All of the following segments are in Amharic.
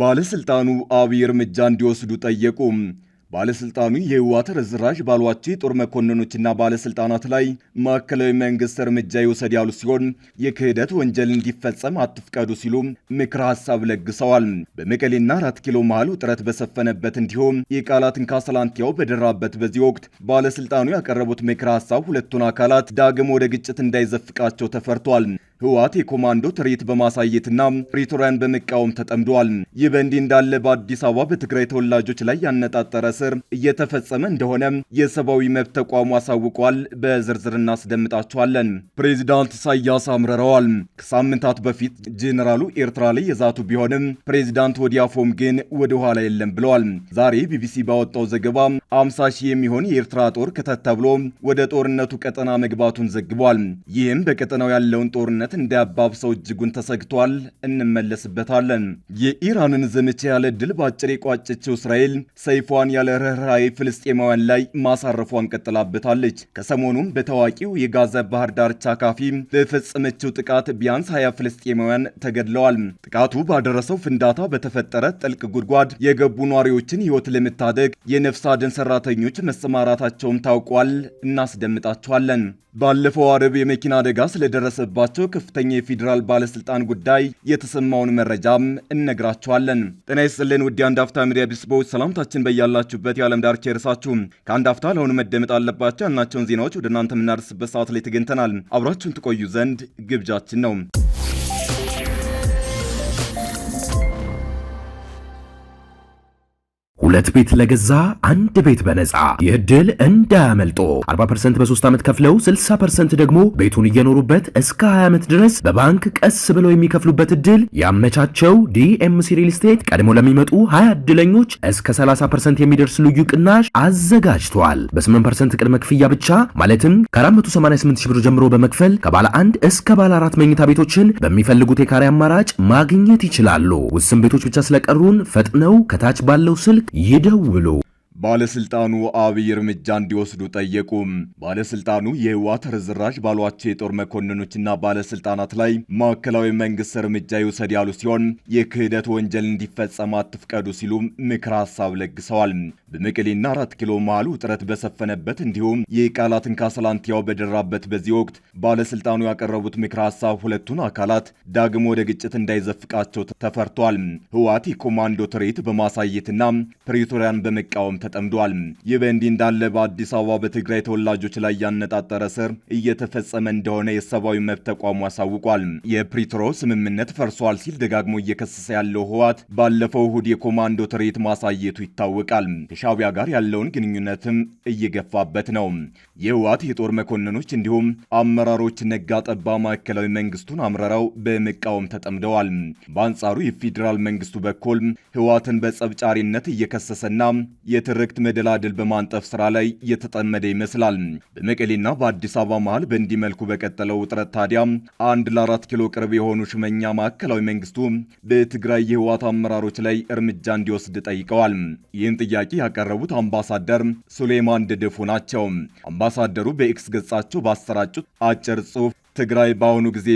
ባለስልጣኑ አብይ እርምጃ እንዲወስዱ ጠየቁ። ባለስልጣኑ የህወሓት ርዝራዥ ባሏቸው የጦር መኮንኖችና ባለስልጣናት ላይ ማዕከላዊ መንግስት እርምጃ ይውሰድ ያሉ ሲሆን የክህደት ወንጀል እንዲፈጸም አትፍቀዱ ሲሉ ምክረ ሀሳብ ለግሰዋል። በመቀሌና አራት ኪሎ መሃል ውጥረት በሰፈነበት እንዲሁም የቃላትን ካሰላንቲያው በደራበት በዚህ ወቅት ባለስልጣኑ ያቀረቡት ምክረ ሀሳብ ሁለቱን አካላት ዳግም ወደ ግጭት እንዳይዘፍቃቸው ተፈርቷል። ህወሓት የኮማንዶ ትርኢት በማሳየትና ፕሪቶሪያን በመቃወም ተጠምዷል። ይህ በእንዲህ እንዳለ በአዲስ አበባ በትግራይ ተወላጆች ላይ ያነጣጠረ ስር እየተፈጸመ እንደሆነ የሰብአዊ መብት ተቋሙ አሳውቋል። በዝርዝር እናስደምጣቸዋለን። ፕሬዚዳንት ኢሳያስ አምርረዋል። ከሳምንታት በፊት ጄኔራሉ ኤርትራ ላይ የዛቱ ቢሆንም ፕሬዚዳንት ወዲያፎም ግን ወደ ኋላ የለም ብለዋል። ዛሬ ቢቢሲ ባወጣው ዘገባ አምሳ ሺህ የሚሆን የኤርትራ ጦር ከተት ተብሎ ወደ ጦርነቱ ቀጠና መግባቱን ዘግቧል። ይህም በቀጠናው ያለውን ጦርነት ጦርነት እንዳያባብሰው እጅጉን ተሰግቷል። እንመለስበታለን። የኢራንን ዘመቻ ያለ ድል ባጭር የቋጨችው እስራኤል ሰይፏን ያለ ርኅራኄ ፍልስጤማውያን ላይ ማሳረፏን ቀጥላበታለች። ከሰሞኑም በታዋቂው የጋዛ ባህር ዳርቻ ካፊ በፈጸመችው ጥቃት ቢያንስ ሀያ ፍልስጤማውያን ተገድለዋል። ጥቃቱ ባደረሰው ፍንዳታ በተፈጠረ ጥልቅ ጉድጓድ የገቡ ነዋሪዎችን ሕይወት ለመታደግ የነፍስ አድን ሰራተኞች መሰማራታቸውም ታውቋል። እናስደምጣቸዋለን። ባለፈው አረብ የመኪና አደጋ ስለደረሰባቸው ከፍተኛ የፌዴራል ባለስልጣን ጉዳይ የተሰማውን መረጃም እነግራችኋለን። ጤና ይስጥልን ውድ አንድ አፍታ ሚዲያ ቤተሰቦች፣ ሰላምታችን በያላችሁበት የዓለም ዳርቻ ይድረሳችሁ። ከአንድ አፍታ ለሆኑ መደመጥ አለባቸው ያልናቸውን ዜናዎች ወደ እናንተ የምናደርስበት ሰዓት ላይ ተገኝተናል። አብራችሁን ትቆዩ ዘንድ ግብዣችን ነው። ሁለት ቤት ለገዛ አንድ ቤት በነፃ ይህ ዕድል እንዳያመልጦ 40% በ3 ዓመት ከፍለው 60% ደግሞ ቤቱን እየኖሩበት እስከ 20 ዓመት ድረስ በባንክ ቀስ ብለው የሚከፍሉበት እድል ያመቻቸው ዲኤምሲ ሪል ስቴት ቀድሞ ለሚመጡ 20 እድለኞች እስከ 30% የሚደርስ ልዩ ቅናሽ አዘጋጅቷል። በ8% ቅድመ ክፍያ ብቻ ማለትም ከ488000 ብር ጀምሮ በመክፈል ከባለ አንድ እስከ ባለ አራት መኝታ ቤቶችን በሚፈልጉት የካሬ አማራጭ ማግኘት ይችላሉ። ውስን ቤቶች ብቻ ስለቀሩን ፈጥነው ከታች ባለው ስልክ ይደውሉ። ባለስልጣኑ አብይ እርምጃ እንዲወስዱ ጠየቁ። ባለስልጣኑ የህወሓት ርዝራዥ ባሏቸው የጦር መኮንኖችና ባለስልጣናት ላይ ማዕከላዊ መንግስት እርምጃ ይውሰድ ያሉ ሲሆን የክህደት ወንጀል እንዲፈጸም አትፍቀዱ ሲሉ ምክር ሀሳብ ለግሰዋል። በመቀሌና አራት ኪሎ መሃል ውጥረት በሰፈነበት እንዲሁም የቃላትን ካሰላንቲያው በደራበት በዚህ ወቅት ባለስልጣኑ ያቀረቡት ምክር ሀሳብ ሁለቱን አካላት ዳግም ወደ ግጭት እንዳይዘፍቃቸው ተፈርቷል። ህወሓት የኮማንዶ ትርኢት በማሳየትና ፕሪቶሪያን በመቃወም ተጠምዷል። ይህ በእንዲህ እንዳለ በአዲስ አበባ በትግራይ ተወላጆች ላይ ያነጣጠረ ስር እየተፈጸመ እንደሆነ የሰብአዊ መብት ተቋሙ አሳውቋል። የፕሪትሮ ስምምነት ፈርሷል ሲል ደጋግሞ እየከሰሰ ያለው ህወሓት ባለፈው እሁድ የኮማንዶ ትርኢት ማሳየቱ ይታወቃል። ከሻቢያ ጋር ያለውን ግንኙነትም እየገፋበት ነው። የህወሓት የጦር መኮንኖች እንዲሁም አመራሮች ነጋ ጠባ ማዕከላዊ መንግስቱን አምረረው በመቃወም ተጠምደዋል። በአንጻሩ የፌዴራል መንግስቱ በኩል ህወሓትን በጸብጫሪነት እየከሰሰና የትር የትርክት መደላደል በማንጠፍ ስራ ላይ የተጠመደ ይመስላል። በመቀሌና በአዲስ አበባ መሃል በእንዲህ መልኩ በቀጠለው ውጥረት ታዲያ አንድ ለአራት ኪሎ ቅርብ የሆኑ ሽመኛ ማዕከላዊ መንግስቱ በትግራይ የህወሓት አመራሮች ላይ እርምጃ እንዲወስድ ጠይቀዋል። ይህን ጥያቄ ያቀረቡት አምባሳደር ሱሌማን ደደፎ ናቸው። አምባሳደሩ በኤክስ ገጻቸው ባሰራጩት አጭር ጽሑፍ ትግራይ በአሁኑ ጊዜ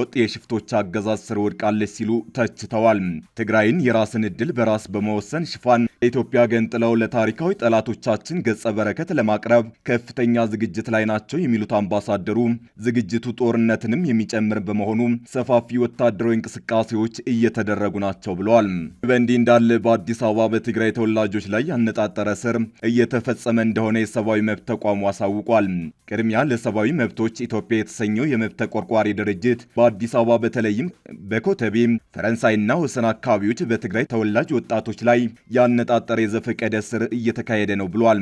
ወጥ የሽፍቶች አገዛዝ ስር ወድቃለች ሲሉ ተችተዋል። ትግራይን የራስን ዕድል በራስ በመወሰን ሽፋን ኢትዮጵያ ገንጥለው ለታሪካዊ ጠላቶቻችን ገጸ በረከት ለማቅረብ ከፍተኛ ዝግጅት ላይ ናቸው የሚሉት አምባሳደሩ ዝግጅቱ ጦርነትንም የሚጨምር በመሆኑ ሰፋፊ ወታደራዊ እንቅስቃሴዎች እየተደረጉ ናቸው ብለዋል። በእንዲህ እንዳለ በአዲስ አበባ በትግራይ ተወላጆች ላይ ያነጣጠረ ስር እየተፈጸመ እንደሆነ የሰብአዊ መብት ተቋሙ አሳውቋል። ቅድሚያ ለሰብአዊ መብቶች ኢትዮጵያ የተሰኘው ጦርነት ተቆርቋሪ ድርጅት በአዲስ አበባ በተለይም በኮተቤ ፈረንሳይና ወሰን አካባቢዎች በትግራይ ተወላጅ ወጣቶች ላይ ያነጣጠረ የዘፈቀደ እስር እየተካሄደ ነው ብሏል።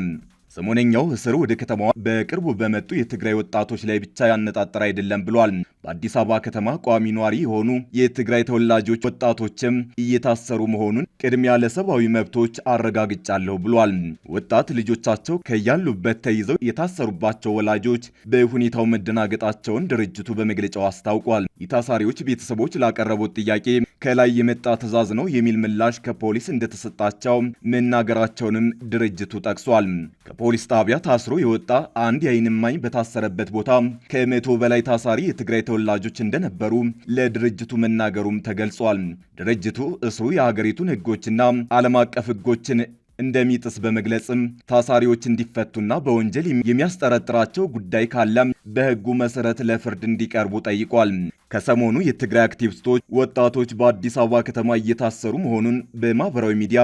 ሰሞነኛው እስር ወደ ከተማዋ በቅርቡ በመጡ የትግራይ ወጣቶች ላይ ብቻ ያነጣጠረ አይደለም ብሏል። በአዲስ አበባ ከተማ ቋሚ ኗሪ የሆኑ የትግራይ ተወላጆች ወጣቶችም እየታሰሩ መሆኑን ቅድሚያ ለሰብአዊ መብቶች አረጋግጫለሁ ብሏል። ወጣት ልጆቻቸው ከያሉበት ተይዘው የታሰሩባቸው ወላጆች በሁኔታው መደናገጣቸውን ድርጅቱ በመግለጫው አስታውቋል። የታሳሪዎች ቤተሰቦች ላቀረቡት ጥያቄ ከላይ የመጣ ትዕዛዝ ነው የሚል ምላሽ ከፖሊስ እንደተሰጣቸው መናገራቸውንም ድርጅቱ ጠቅሷል። ከፖሊስ ጣቢያ ታስሮ የወጣ አንድ የአይን እማኝ በታሰረበት ቦታ ከመቶ በላይ ታሳሪ የትግራይ ተወላጆች እንደነበሩ ለድርጅቱ መናገሩም ተገልጿል። ድርጅቱ እስሩ የሀገሪቱን ህጎችና ዓለም አቀፍ ህጎችን እንደሚጥስ በመግለጽም ታሳሪዎች እንዲፈቱና በወንጀል የሚያስጠረጥራቸው ጉዳይ ካለም በህጉ መሰረት ለፍርድ እንዲቀርቡ ጠይቋል። ከሰሞኑ የትግራይ አክቲቪስቶች ወጣቶች በአዲስ አበባ ከተማ እየታሰሩ መሆኑን በማህበራዊ ሚዲያ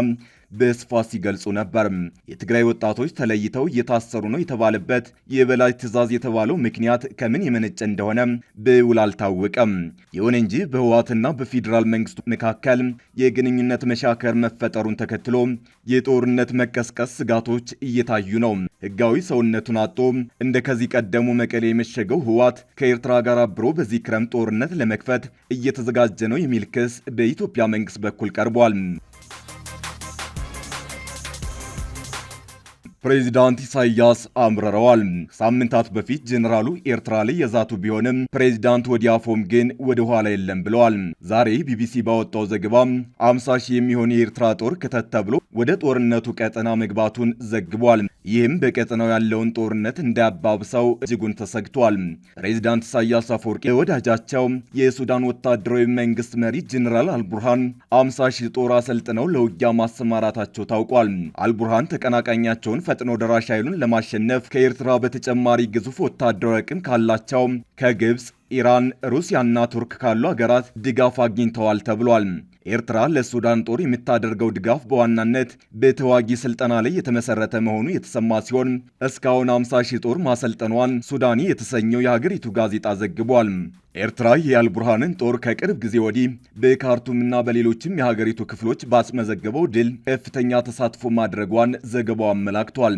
በስፋት ሲገልጹ ነበር። የትግራይ ወጣቶች ተለይተው እየታሰሩ ነው የተባለበት የበላይ ትዕዛዝ የተባለው ምክንያት ከምን የመነጨ እንደሆነ በውል አልታወቀም። ይሁን እንጂ በህወሓትና በፌዴራል መንግስቱ መካከል የግንኙነት መሻከር መፈጠሩን ተከትሎ የጦርነት መቀስቀስ ስጋቶች እየታዩ ነው። ህጋዊ ሰውነቱን አጦ እንደ ከዚህ ቀደሙ መቀሌ የመሸገው ህወሓት ከኤርትራ ጋር አብሮ በዚህ ክረምት ጦርነት ለመክፈት እየተዘጋጀ ነው የሚል ክስ በኢትዮጵያ መንግስት በኩል ቀርቧል። ፕሬዚዳንት ኢሳያስ አምርረዋል። ከሳምንታት በፊት ጀኔራሉ ኤርትራ ላይ የዛቱ ቢሆንም ፕሬዚዳንት ወዲ አፎም ግን ወደ ኋላ የለም ብለዋል። ዛሬ ቢቢሲ ባወጣው ዘገባ አምሳ ሺህ የሚሆን የኤርትራ ጦር ክተት ተብሎ ወደ ጦርነቱ ቀጠና መግባቱን ዘግቧል። ይህም በቀጠናው ያለውን ጦርነት እንዳያባብሰው እጅጉን ተሰግቷል። ፕሬዚዳንት ኢሳያስ አፈወርቂ የወዳጃቸው የሱዳን ወታደራዊ መንግስት መሪ ጀኔራል አልቡርሃን አምሳ ሺህ ጦር አሰልጥነው ለውጊያ ማሰማራታቸው ታውቋል። አልቡርሃን ተቀናቃኛቸውን ፈጥኖ ደራሽ ኃይሉን ለማሸነፍ ከኤርትራ በተጨማሪ ግዙፍ ወታደራዊ አቅም ካላቸው ከግብፅ ኢራን፣ ሩሲያና ቱርክ ካሉ ሀገራት ድጋፍ አግኝተዋል ተብሏል። ኤርትራ ለሱዳን ጦር የምታደርገው ድጋፍ በዋናነት በተዋጊ ስልጠና ላይ የተመሰረተ መሆኑ የተሰማ ሲሆን እስካሁን 50 ሺህ ጦር ማሰልጠኗን ሱዳኒ የተሰኘው የሀገሪቱ ጋዜጣ ዘግቧል። ኤርትራ የአልቡርሃንን ጦር ከቅርብ ጊዜ ወዲህ በካርቱምና በሌሎችም የሀገሪቱ ክፍሎች ባስመዘገበው ድል ከፍተኛ ተሳትፎ ማድረጓን ዘገባው አመላክቷል።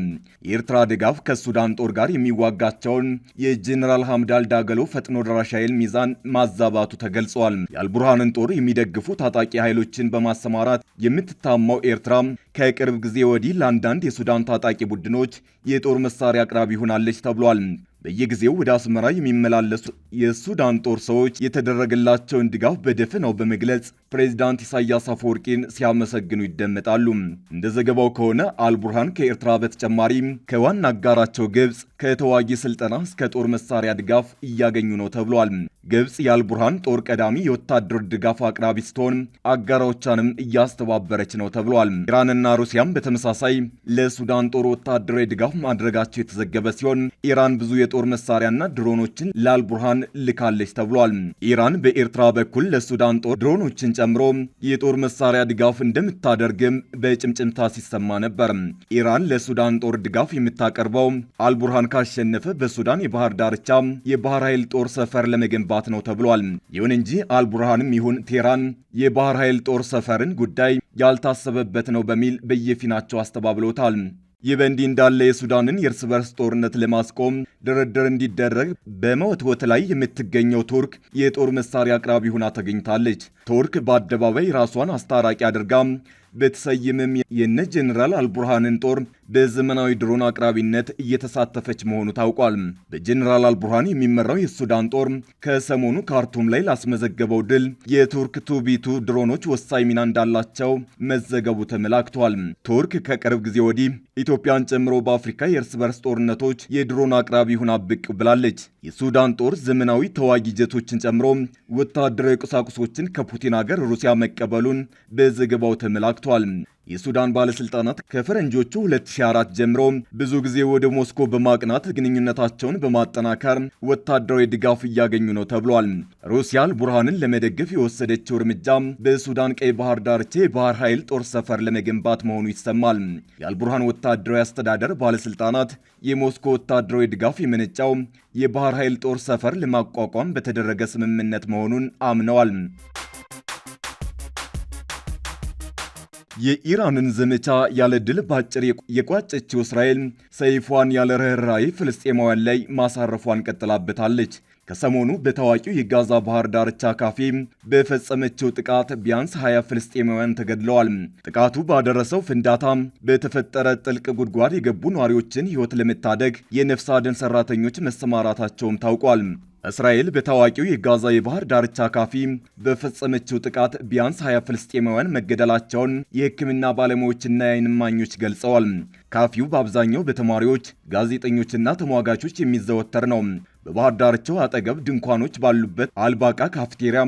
የኤርትራ ድጋፍ ከሱዳን ጦር ጋር የሚዋጋቸውን የጄኔራል ሐምዳል ዳገሎ ፈጥኖ የራሽ ኃይል ሚዛን ማዛባቱ ተገልጿል። የአልቡርሃንን ጦር የሚደግፉ ታጣቂ ኃይሎችን በማሰማራት የምትታማው ኤርትራ ከቅርብ ጊዜ ወዲህ ለአንዳንድ የሱዳን ታጣቂ ቡድኖች የጦር መሳሪያ አቅራቢ ሆናለች ተብሏል። በየጊዜው ወደ አስመራ የሚመላለሱ የሱዳን ጦር ሰዎች የተደረገላቸውን ድጋፍ በደፈናው በመግለጽ ፕሬዚዳንት ኢሳያስ አፈወርቂን ሲያመሰግኑ ይደመጣሉ። እንደ ዘገባው ከሆነ አልቡርሃን ከኤርትራ በተጨማሪ ከዋና አጋራቸው ግብፅ ከተዋጊ ስልጠና እስከ ጦር መሳሪያ ድጋፍ እያገኙ ነው ተብሏል። ግብፅ የአልቡርሃን ጦር ቀዳሚ የወታደር ድጋፍ አቅራቢ ስትሆን አጋሮቿንም እያስተባበረች ነው ተብሏል። ኢራንና ሩሲያም በተመሳሳይ ለሱዳን ጦር ወታደራዊ ድጋፍ ማድረጋቸው የተዘገበ ሲሆን ኢራን ብዙ የጦር መሳሪያና ድሮኖችን ለአልቡርሃን ልካለች ተብሏል። ኢራን በኤርትራ በኩል ለሱዳን ጦር ድሮኖችን ጨምሮ የጦር መሳሪያ ድጋፍ እንደምታደርግም በጭምጭምታ ሲሰማ ነበር። ኢራን ለሱዳን ጦር ድጋፍ የምታቀርበው አልቡርሃን ካሸነፈ በሱዳን የባህር ዳርቻ የባህር ኃይል ጦር ሰፈር ለመገንባት ጥፋት ነው ተብሏል። ይሁን እንጂ አልቡርሃንም ይሁን ቴህራን የባህር ኃይል ጦር ሰፈርን ጉዳይ ያልታሰበበት ነው በሚል በየፊናቸው አስተባብሎታል። ይህ በእንዲህ እንዳለ የሱዳንን የእርስ በርስ ጦርነት ለማስቆም ድርድር እንዲደረግ በመወትወት ላይ የምትገኘው ቱርክ የጦር መሳሪያ አቅራቢ ሆና ተገኝታለች። ቱርክ በአደባባይ ራሷን አስታራቂ አድርጋ በተሰየመም የነ ጀኔራል አልቡርሃንን ጦር በዘመናዊ ድሮን አቅራቢነት እየተሳተፈች መሆኑ ታውቋል። በጄኔራል አልቡርሃን የሚመራው የሱዳን ጦር ከሰሞኑ ካርቱም ላይ ላስመዘገበው ድል የቱርክ ቱቢቱ ድሮኖች ወሳኝ ሚና እንዳላቸው መዘገቡ ተመላክቷል። ቱርክ ከቅርብ ጊዜ ወዲህ ኢትዮጵያን ጨምሮ በአፍሪካ የእርስ በርስ ጦርነቶች የድሮን አቅራቢ ሁና ብቅ ብላለች። የሱዳን ጦር ዘመናዊ ተዋጊ ጀቶችን ጨምሮ ወታደራዊ ቁሳቁሶችን ከፑቲን አገር ሩሲያ መቀበሉን በዘገባው ተመላክቷል። ተመላክቷል። የሱዳን ባለስልጣናት ከፈረንጆቹ 2004 ጀምሮ ብዙ ጊዜ ወደ ሞስኮ በማቅናት ግንኙነታቸውን በማጠናከር ወታደራዊ ድጋፍ እያገኙ ነው ተብሏል። ሩሲያ አልቡርሃንን ለመደገፍ የወሰደችው እርምጃ በሱዳን ቀይ ባህር ዳርቻ የባህር ኃይል ጦር ሰፈር ለመገንባት መሆኑ ይሰማል። የአልቡርሃን ወታደራዊ አስተዳደር ባለስልጣናት የሞስኮ ወታደራዊ ድጋፍ የመነጫው የባህር ኃይል ጦር ሰፈር ለማቋቋም በተደረገ ስምምነት መሆኑን አምነዋል። የኢራንን ዘመቻ ያለ ድል ባጭር የቋጨችው እስራኤል ሰይፏን ያለ ርኅራኄ ፍልስጤማውያን ላይ ማሳረፏን ቀጥላበታለች። ከሰሞኑ በታዋቂው የጋዛ ባህር ዳርቻ ካፌ በፈጸመችው ጥቃት ቢያንስ 20 ፍልስጤማውያን ተገድለዋል። ጥቃቱ ባደረሰው ፍንዳታ በተፈጠረ ጥልቅ ጉድጓድ የገቡ ነዋሪዎችን ሕይወት ለመታደግ የነፍስ አድን ሰራተኞች መሰማራታቸውም ታውቋል። እስራኤል በታዋቂው የጋዛ የባህር ዳርቻ ካፊ በፈጸመችው ጥቃት ቢያንስ 20 ፍልስጤማውያን መገደላቸውን የሕክምና ባለሙያዎችና የዓይን እማኞች ገልጸዋል። ካፊው በአብዛኛው በተማሪዎች ጋዜጠኞችና ተሟጋቾች የሚዘወተር ነው። በባህር ዳርቻው አጠገብ ድንኳኖች ባሉበት አልባቃ ካፍቴሪያ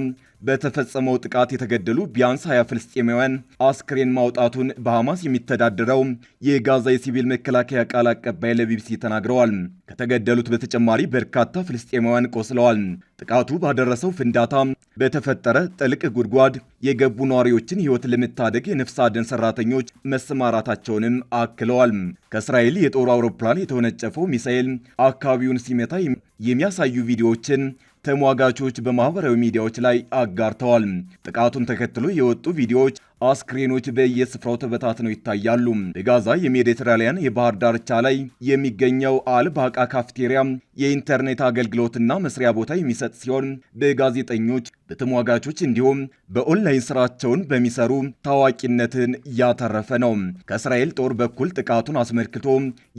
በተፈጸመው ጥቃት የተገደሉ ቢያንስ 20 ፍልስጤማውያን አስክሬን ማውጣቱን በሐማስ የሚተዳደረው የጋዛ የሲቪል መከላከያ ቃል አቀባይ ለቢቢሲ ተናግረዋል። ከተገደሉት በተጨማሪ በርካታ ፍልስጤማውያን ቆስለዋል። ጥቃቱ ባደረሰው ፍንዳታ በተፈጠረ ጥልቅ ጉድጓድ የገቡ ነዋሪዎችን ሕይወት ለመታደግ የነፍስ አድን ሰራተኞች መሰማራታቸውንም አክለዋል። ከእስራኤል የጦር አውሮፕላን የተወነጨፈው ሚሳኤል አካባቢውን ሲመታ የሚያሳዩ ቪዲዮዎችን ተሟጋቾች በማህበራዊ ሚዲያዎች ላይ አጋርተዋል። ጥቃቱን ተከትሎ የወጡ ቪዲዮዎች አስክሬኖች በየስፍራው ተበታትነው ይታያሉ። በጋዛ የሜዲትራሊያን የባህር ዳርቻ ላይ የሚገኘው አልባቃ ካፍቴሪያ የኢንተርኔት አገልግሎትና መስሪያ ቦታ የሚሰጥ ሲሆን በጋዜጠኞች በተሟጋቾች እንዲሁም በኦንላይን ስራቸውን በሚሰሩ ታዋቂነትን ያተረፈ ነው። ከእስራኤል ጦር በኩል ጥቃቱን አስመልክቶ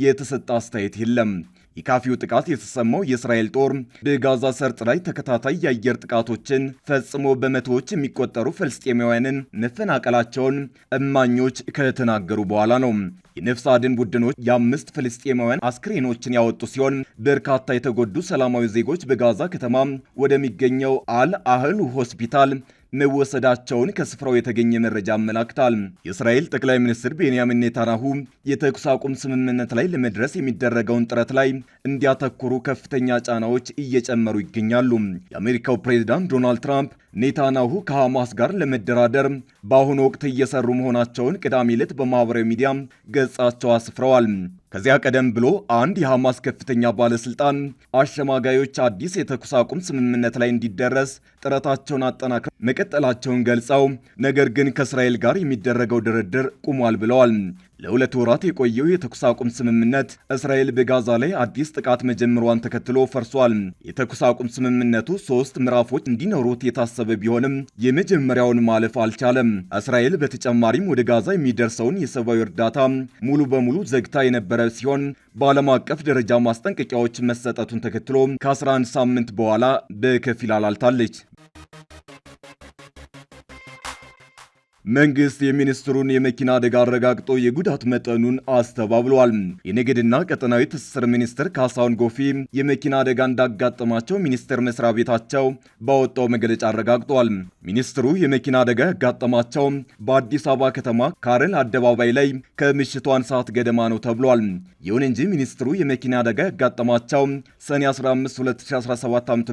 የተሰጠ አስተያየት የለም። የካፊው ጥቃት የተሰማው የእስራኤል ጦር በጋዛ ሰርጥ ላይ ተከታታይ የአየር ጥቃቶችን ፈጽሞ በመቶዎች የሚቆጠሩ ፍልስጤማውያንን መፈናቀላቸውን እማኞች ከተናገሩ በኋላ ነው። የነፍስ አድን ቡድኖች የአምስት ፍልስጤማውያን አስክሬኖችን ያወጡ ሲሆን በርካታ የተጎዱ ሰላማዊ ዜጎች በጋዛ ከተማ ወደሚገኘው አል አህል ሆስፒታል መወሰዳቸውን ከስፍራው የተገኘ መረጃ አመላክታል። የእስራኤል ጠቅላይ ሚኒስትር ቤንያሚን ኔታንያሁ የተኩስ አቁም ስምምነት ላይ ለመድረስ የሚደረገውን ጥረት ላይ እንዲያተኩሩ ከፍተኛ ጫናዎች እየጨመሩ ይገኛሉ። የአሜሪካው ፕሬዚዳንት ዶናልድ ትራምፕ ኔታንያሁ ከሐማስ ጋር ለመደራደር በአሁኑ ወቅት እየሰሩ መሆናቸውን ቅዳሜ ዕለት በማኅበራዊ ሚዲያ ገጻቸው አስፍረዋል። ከዚያ ቀደም ብሎ አንድ የሐማስ ከፍተኛ ባለስልጣን አሸማጋዮች አዲስ የተኩስ አቁም ስምምነት ላይ እንዲደረስ ጥረታቸውን አጠናክረው መቀጠላቸውን ገልጸው ነገር ግን ከእስራኤል ጋር የሚደረገው ድርድር ቁሟል ብለዋል። ለሁለት ወራት የቆየው የተኩስ አቁም ስምምነት እስራኤል በጋዛ ላይ አዲስ ጥቃት መጀመሯን ተከትሎ ፈርሷል። የተኩስ አቁም ስምምነቱ ሶስት ምዕራፎች እንዲኖሩት የታሰበ ቢሆንም የመጀመሪያውን ማለፍ አልቻለም። እስራኤል በተጨማሪም ወደ ጋዛ የሚደርሰውን የሰብአዊ እርዳታ ሙሉ በሙሉ ዘግታ የነበረ ሲሆን በዓለም አቀፍ ደረጃ ማስጠንቀቂያዎች መሰጠቱን ተከትሎ ከ11 ሳምንት በኋላ በከፊል አላልታለች። መንግስት የሚኒስትሩን የመኪና አደጋ አረጋግጦ የጉዳት መጠኑን አስተባብሏል። የንግድና ቀጠናዊ ትስስር ሚኒስትር ካሳሁን ጎፌ የመኪና አደጋ እንዳጋጠማቸው ሚኒስቴር መስሪያ ቤታቸው ባወጣው መግለጫ አረጋግጧል። ሚኒስትሩ የመኪና አደጋ ያጋጠማቸው በአዲስ አበባ ከተማ ካረል አደባባይ ላይ ከምሽቱ አንድ ሰዓት ገደማ ነው ተብሏል። ይሁን እንጂ ሚኒስትሩ የመኪና አደጋ ያጋጠማቸው ሰኔ 15 2017 ዓ.ም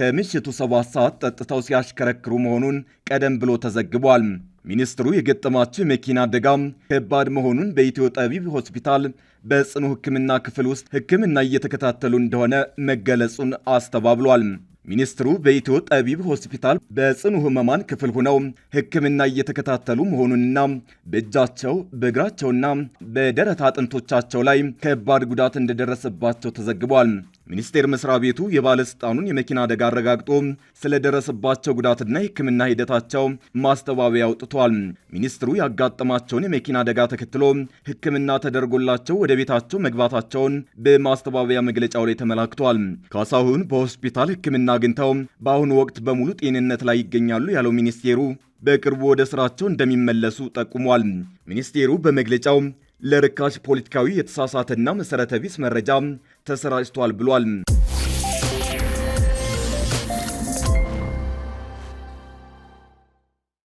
ከምሽቱ 7 ሰዓት ጠጥተው ሲያሽከረክሩ መሆኑን ቀደም ብሎ ተዘግቧል። ሚኒስትሩ የገጠማቸው የመኪና አደጋ ከባድ መሆኑን በኢትዮ ጠቢብ ሆስፒታል በጽኑ ሕክምና ክፍል ውስጥ ሕክምና እየተከታተሉ እንደሆነ መገለጹን አስተባብሏል። ሚኒስትሩ በኢትዮ ጠቢብ ሆስፒታል በጽኑ ህመማን ክፍል ሆነው ሕክምና እየተከታተሉ መሆኑንና በእጃቸው በእግራቸውና በደረት አጥንቶቻቸው ላይ ከባድ ጉዳት እንደደረሰባቸው ተዘግቧል። ሚኒስቴር መስሪያ ቤቱ የባለስልጣኑን የመኪና አደጋ አረጋግጦ ስለደረሰባቸው ጉዳትና የሕክምና ሂደታቸው ማስተባበያ አውጥቷል። ሚኒስትሩ ያጋጠማቸውን የመኪና አደጋ ተከትሎ ሕክምና ተደርጎላቸው ወደ ቤታቸው መግባታቸውን በማስተባበያ መግለጫው ላይ ተመላክቷል። ካሳሁን በሆስፒታል ሕክምና አግኝተው በአሁኑ ወቅት በሙሉ ጤንነት ላይ ይገኛሉ ያለው ሚኒስቴሩ በቅርቡ ወደ ስራቸው እንደሚመለሱ ጠቁሟል። ሚኒስቴሩ በመግለጫው ለርካሽ ፖለቲካዊ የተሳሳተና መሰረተ ቢስ መረጃ ተሰራጭቷል ብሏል።